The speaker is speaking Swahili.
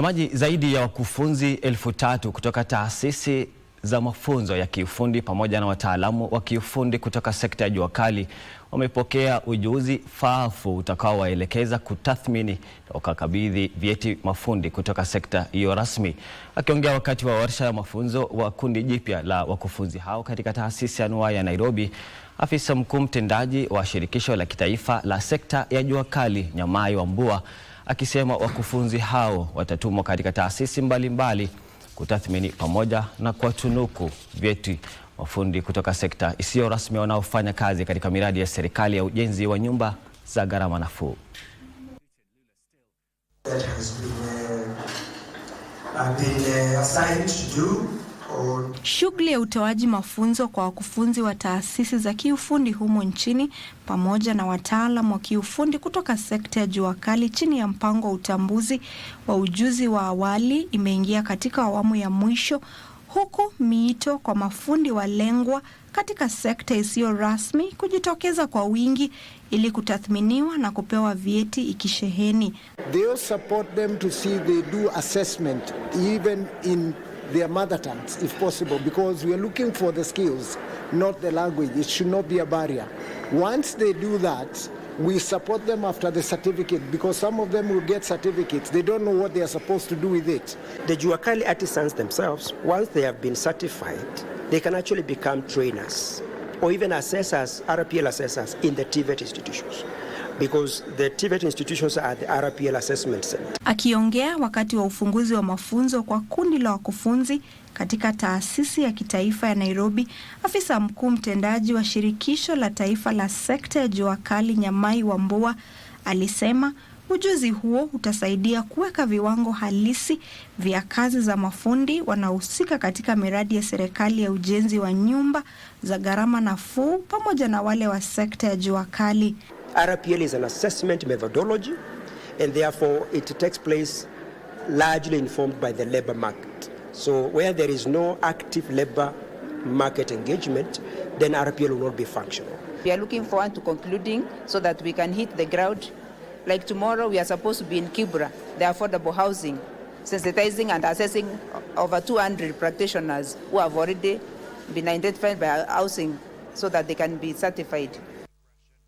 Watazamaji, zaidi ya wakufunzi elfu tatu kutoka taasisi za mafunzo ya kiufundi pamoja na wataalamu wa kiufundi kutoka sekta ya jua kali wamepokea ujuzi faafu utakaowaelekeza kutathmini na wakakabidhi vyeti mafundi kutoka sekta hiyo rasmi. Akiongea wakati wa warsha ya mafunzo wa kundi jipya la wakufunzi hao katika taasisi anuwai ya Nairobi, afisa mkuu mtendaji wa shirikisho la kitaifa la sekta ya jua kali Nyamai Wambua akisema wakufunzi hao watatumwa katika taasisi mbalimbali kutathmini pamoja na kuwatunuku vyeti mafundi kutoka sekta isiyo rasmi wanaofanya kazi katika miradi ya serikali ya ujenzi wa nyumba za gharama nafuu. Shughuli ya utoaji mafunzo kwa wakufunzi wa taasisi za kiufundi humo nchini pamoja na wataalam wa kiufundi kutoka sekta ya jua kali chini ya mpango wa utambuzi wa ujuzi wa awali imeingia katika awamu ya mwisho huku miito kwa mafundi walengwa katika sekta isiyo rasmi kujitokeza kwa wingi ili kutathminiwa na kupewa vyeti ikisheheni their mother tongues if possible because we are looking for the skills not the language it should not be a barrier once they do that we support them after the certificate because some of them will get certificates they don't know what they are supposed to do with it the juakali artisans themselves once they have been certified they can actually become trainers or even assessors rpl assessors in the tvet institutions because the TVET institutions are the RPL assessment center. Akiongea wakati wa ufunguzi wa mafunzo kwa kundi la wakufunzi katika taasisi ya kitaifa ya Nairobi, afisa mkuu mtendaji wa shirikisho la taifa la sekta ya jua kali Nyamai Wambua alisema ujuzi huo utasaidia kuweka viwango halisi vya kazi za mafundi wanaohusika katika miradi ya serikali ya ujenzi wa nyumba za gharama nafuu pamoja na wale wa sekta ya jua kali. RPL is an assessment methodology, and therefore it takes place largely informed by the labor market. So where there is no active labor market engagement, then RPL will not be functional. We are looking forward to concluding so that we can hit the ground. Like tomorrow, we are supposed to be in Kibra, the affordable housing, sensitizing and assessing over 200 practitioners who have already been identified by housing so that they can be certified.